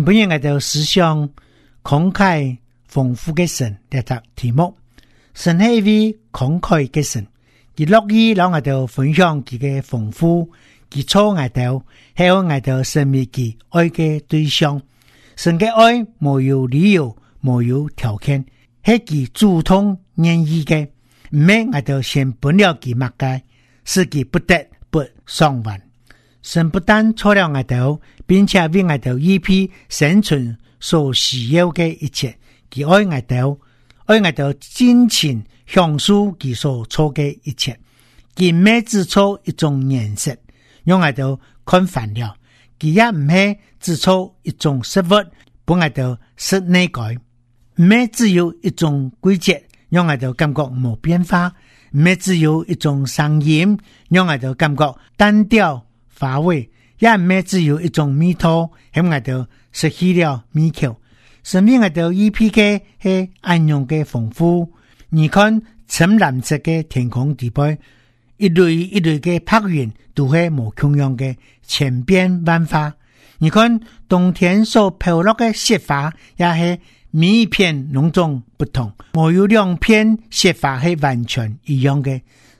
本日我哋思想慷慨豐富嘅神，神，神，第一題目神係為慷慨嘅神，佢樂意讓我哋分享佢嘅豐富，佢初我哋係我哋神秘嘅愛嘅對象，神嘅愛冇有理由，冇有條件，係佢主動願意嘅，唔係我哋先不了佢默計，使佢不得不償還。神不但錯了我的並且為我的一批生存所需要的一切，佢愛我的愛我的盡情享受佢所錯的一切。佢未只錯一種顏色，讓我豆看煩了；佢也唔係只錯一種食物，不愛豆食內改。唔係只有一種規則，讓我豆感覺冇變化；唔係只有一種聲音，讓我豆感覺單調。花卉也唔咪只有一種，味道，咁我都失去了味口，生命都一 pk 係暗用嘅豐富。你看，深藍色嘅天空底背一堆一堆嘅白雲都係無窮樣嘅千變萬化。你看，冬天所飄落嘅雪花，也是每一片濃重不同，沒有兩片雪花係完全一樣嘅。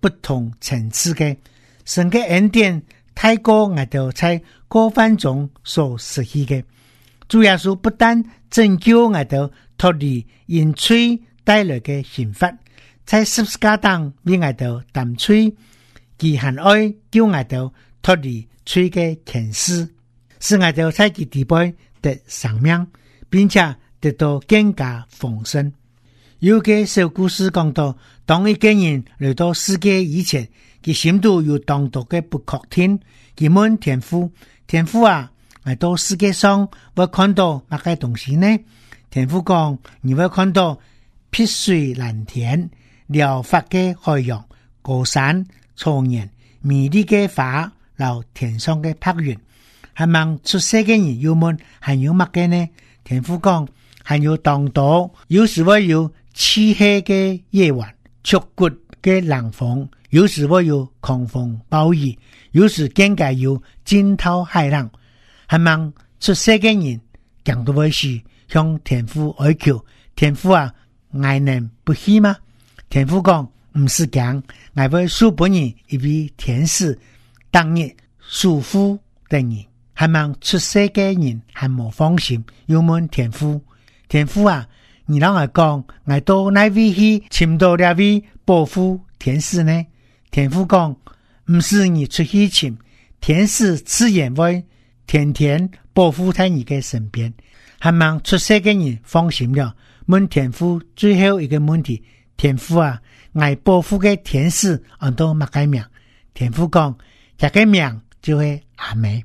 不同層次嘅神嘅恩典，太高我哋在，高分中所實現嘅。主耶穌不但拯救我哋脫離因罪帶來嘅刑罰，在十字架當俾我哋擔罪，佢還愛叫我哋脫離罪嘅權勢，使我哋在基督裏得生命，並且得到更加豐盛。有嘅小故事講到。當一個人來到世界以前，佢心度有當多嘅不確定。佢問天父：天父啊，來到世界上會看到乜嘅東西呢？天父講：你會看到碧水藍天、遼闊嘅海洋、高山、草原、美麗嘅花，然後天上嘅白雲。係問出世嘅人要問，還有乜嘅呢？天父講：還有當多有時會有漆黑嘅夜晚。觸骨嘅冷風，有時會有狂風暴雨，有時更加有驚濤駭浪，係望出世嘅人更多，會是向天父哀求？天父啊，愛人不喜嗎？天父講唔是講，我為數百年一輩天使，當日蘇夫等人，係望出世嘅人還冇放心？有問天父，天父啊？你啷個講？俺到那位去？請到那位伯父、田氏呢？田父講，不是你出去請田氏，自然會天天伯父在你的身邊，還望出色嘅人放心了。問田父最後一個問題：田父啊，俺伯父嘅田氏俺都冇改名。田父講，這個名就會阿美。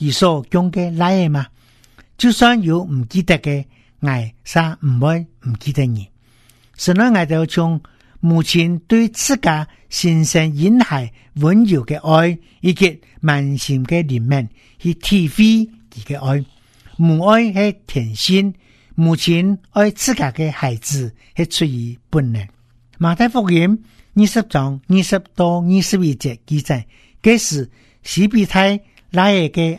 如數將嘅來嘢嗎？就算有唔記得嘅，愛啥唔會唔記得你。神愛就將目前對自家神聖嬰孩溫柔嘅愛，以及萬善嘅憐憫去體會佢嘅愛。母愛係甜心，母親愛自家嘅孩子係出於本能。馬太福音二十章二十到二十二節記載，這是西庇太來嘢嘅。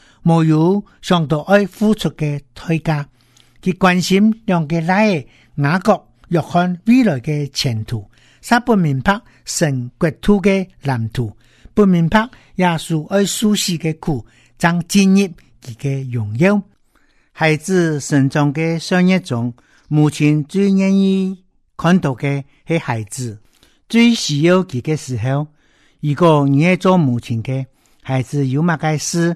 沒有想到愛付出的代價，佢關心兩個仔雅各、約翰未來嘅前途。誰不明白神的，不明白成國土嘅藍圖，不明白耶穌愛舒適嘅苦，將職業佢嘅榮耀。孩子成長嘅歲月中，母親最願意看到嘅係孩子最需要佢嘅時候。如果你係做母親嘅，孩子有乜解釋。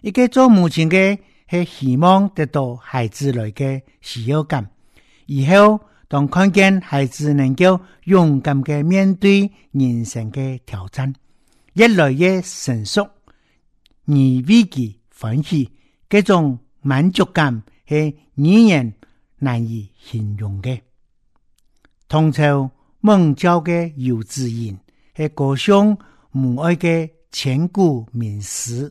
一個做母親的，係希望得到孩子來的需要感，以後當看見孩子能夠勇敢的面對人生的挑戰，越來越成熟而危機歡喜，這種滿足感是語言難以形容的。唐朝孟郊的《游子吟》是歌頌母愛的千古名詩。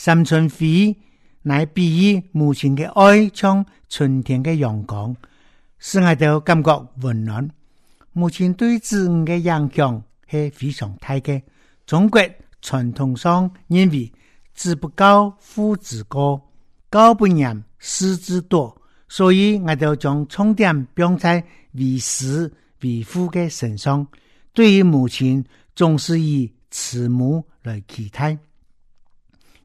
三春暉乃比喻母親的愛像春天的陽光，使我都感覺溫暖。母親對自己子女的影響是非常大的。中國傳統上認為知不高，子不教，父之過，教不嚴，師之惰，所以我都將重點放在為師為父的身上。對於母親，總是以慈母來期待。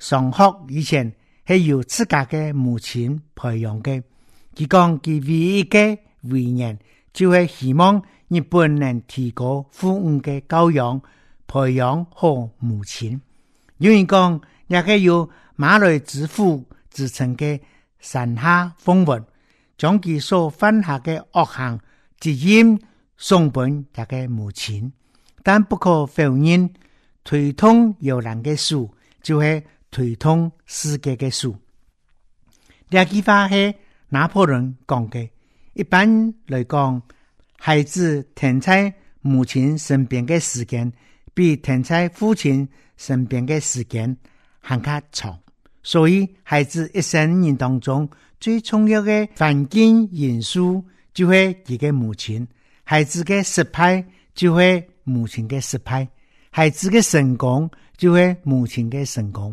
上學以前係由自家嘅母親培養嘅，而講佢唯一嘅遺念就係希望日本人提高父母嘅教養、培養好母親。因為有人講，亦係由馬來之父自稱嘅神下風雲，將佢所犯下嘅惡行直因送本一個母親，但不可否認，推統由人嘅事，就係。推動世界嘅書，呢句話係拿破崙講嘅。一般來講，孩子停在母親身邊嘅時間，比停在父親身邊嘅時間還較長。所以，孩子一生人當中最重要嘅環境因素，就會一個母親。孩子嘅失敗，就會母親嘅失敗；孩子嘅成功，就會母親嘅成功。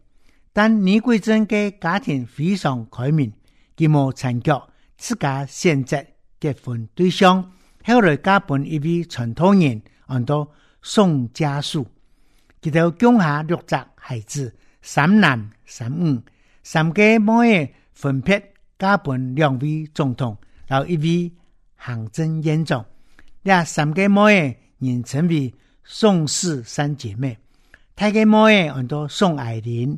但倪桂珍嘅家庭非常開明，佢冇纏腳自家選擇結婚對象。後來嫁分一位傳統人，安到宋嘉樹，佢就共下六隻孩子：三男三，男三女，三個妹分別嫁分兩位總統，然後一位行政院長。這三個妹人稱為宋氏三姐妹。大個妹安到宋靄齡。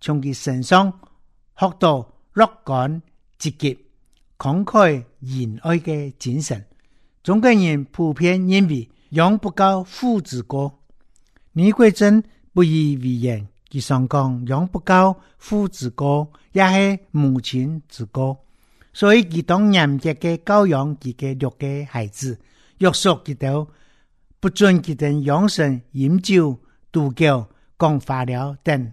從佢身上學到樂觀、積極、慷慨、仁愛嘅精神。中國人普遍認為“養不教，父之過”，李桂珍不以為然。佢常講“養不教，父之過”，也是母親之過。所以佢當嚴格嘅教養佢嘅六個孩子，約束佢哋不准佢哋養成飲酒、賭狗、講化療等。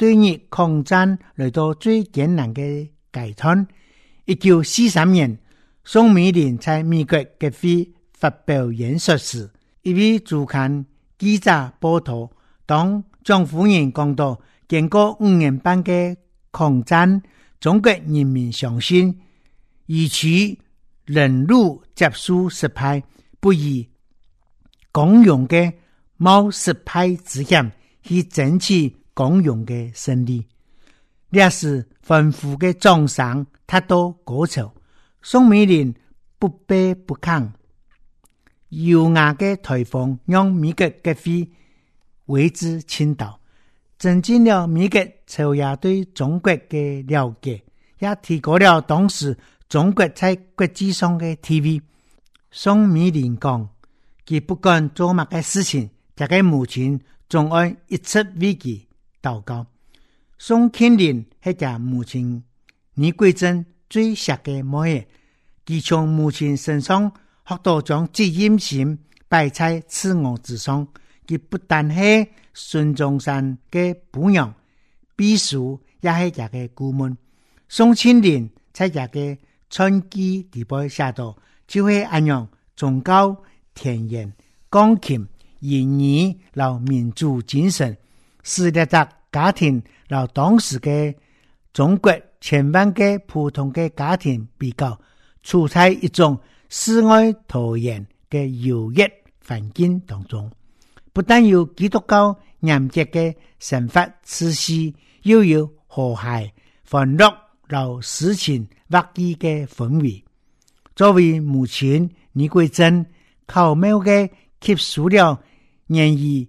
對日抗戰來到最艱難的階段，一九四三年，宋美齡在美國國會發表演說時，一位駐刊記者報道，當蔣夫人講到經過五年半的抗戰，中國人民相信，以其忍辱接受失敗，不以光榮的冒失敗之險去爭取。光榮嘅勝利，歷史豐富嘅壯賞太多。過錯，宋美齡不卑不亢。優雅嘅台風讓美國嘅飛為之傾倒，增進了美國朝野對中國嘅了解，也提高了當時中國在國際上嘅地位。宋美齡講：佢不管做乜嘅事情，佢給母親總愛一切危機。禱告。宋慶齡係家母親倪桂珍最錫喜愛，佢從母親身上學到將責任心擺喺自我之上。佢不但係孫中山嘅榜樣，秘書，也係家嘅顧問。宋慶齡在家嘅傳奇地位下頭，就係弘揚崇高、田園、鋼琴、英語、老民族精神。是列個家庭，撈當時嘅中國千萬個普通嘅家庭比較，處在一種世外桃源嘅優越環境當中，不但有基督教嚴格的神法知識，又有和諧、繁榮、撈詩情畫意的氛圍。作為母親，倪桂珍巧妙地吸收了演繹。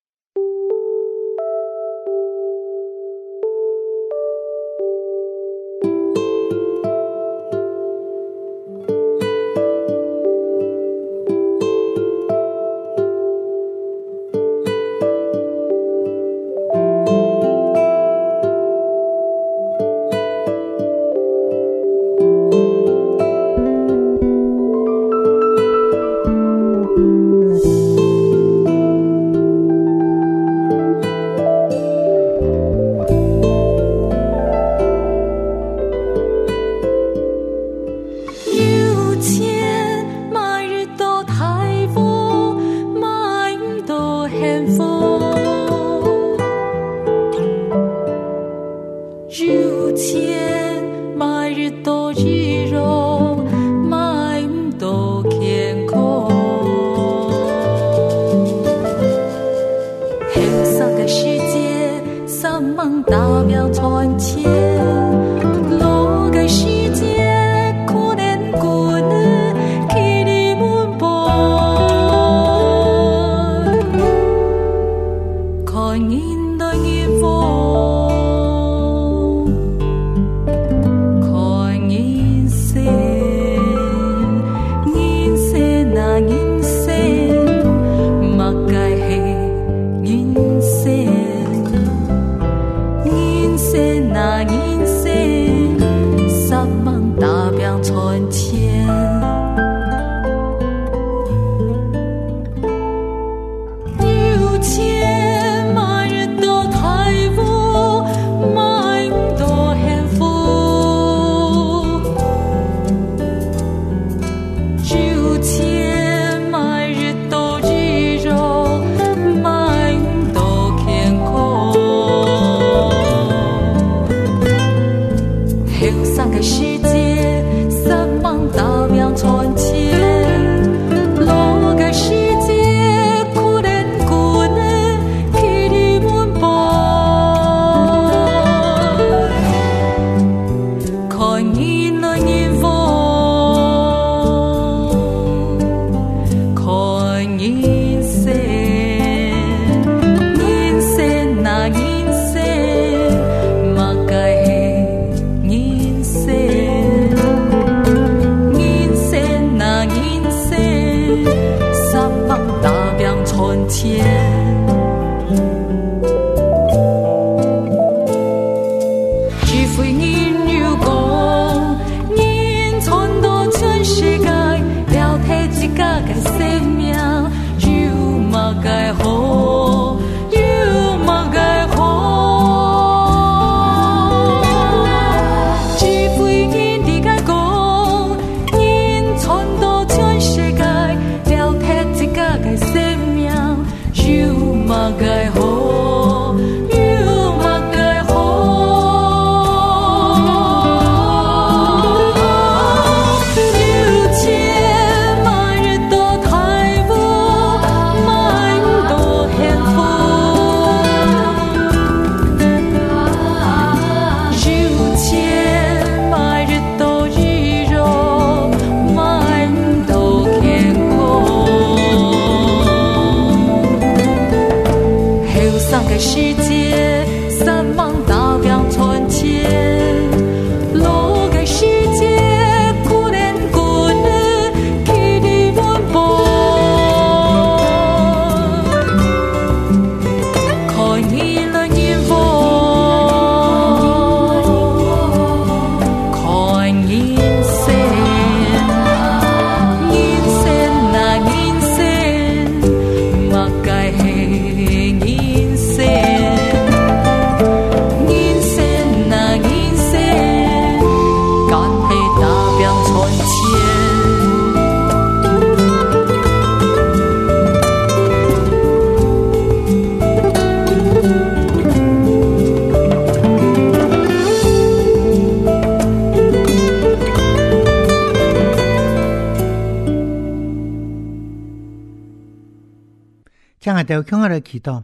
抬頭向我哋祈禱，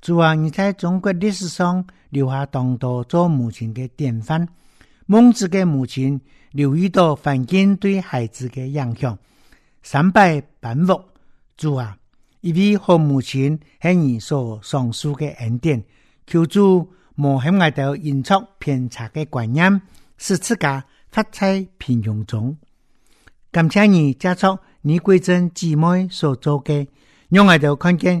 主啊，你在中國歷史上留下眾多做母親嘅典範。孟子嘅母親留意到環境對孩子嘅影響，三拜半福。主啊，因為好母親向你說上述嘅恩典，求助莫向我哋引出偏差嘅觀念，使自家發財貧窮中。感謝你接受尼古真姊妹所做嘅，讓我哋看見。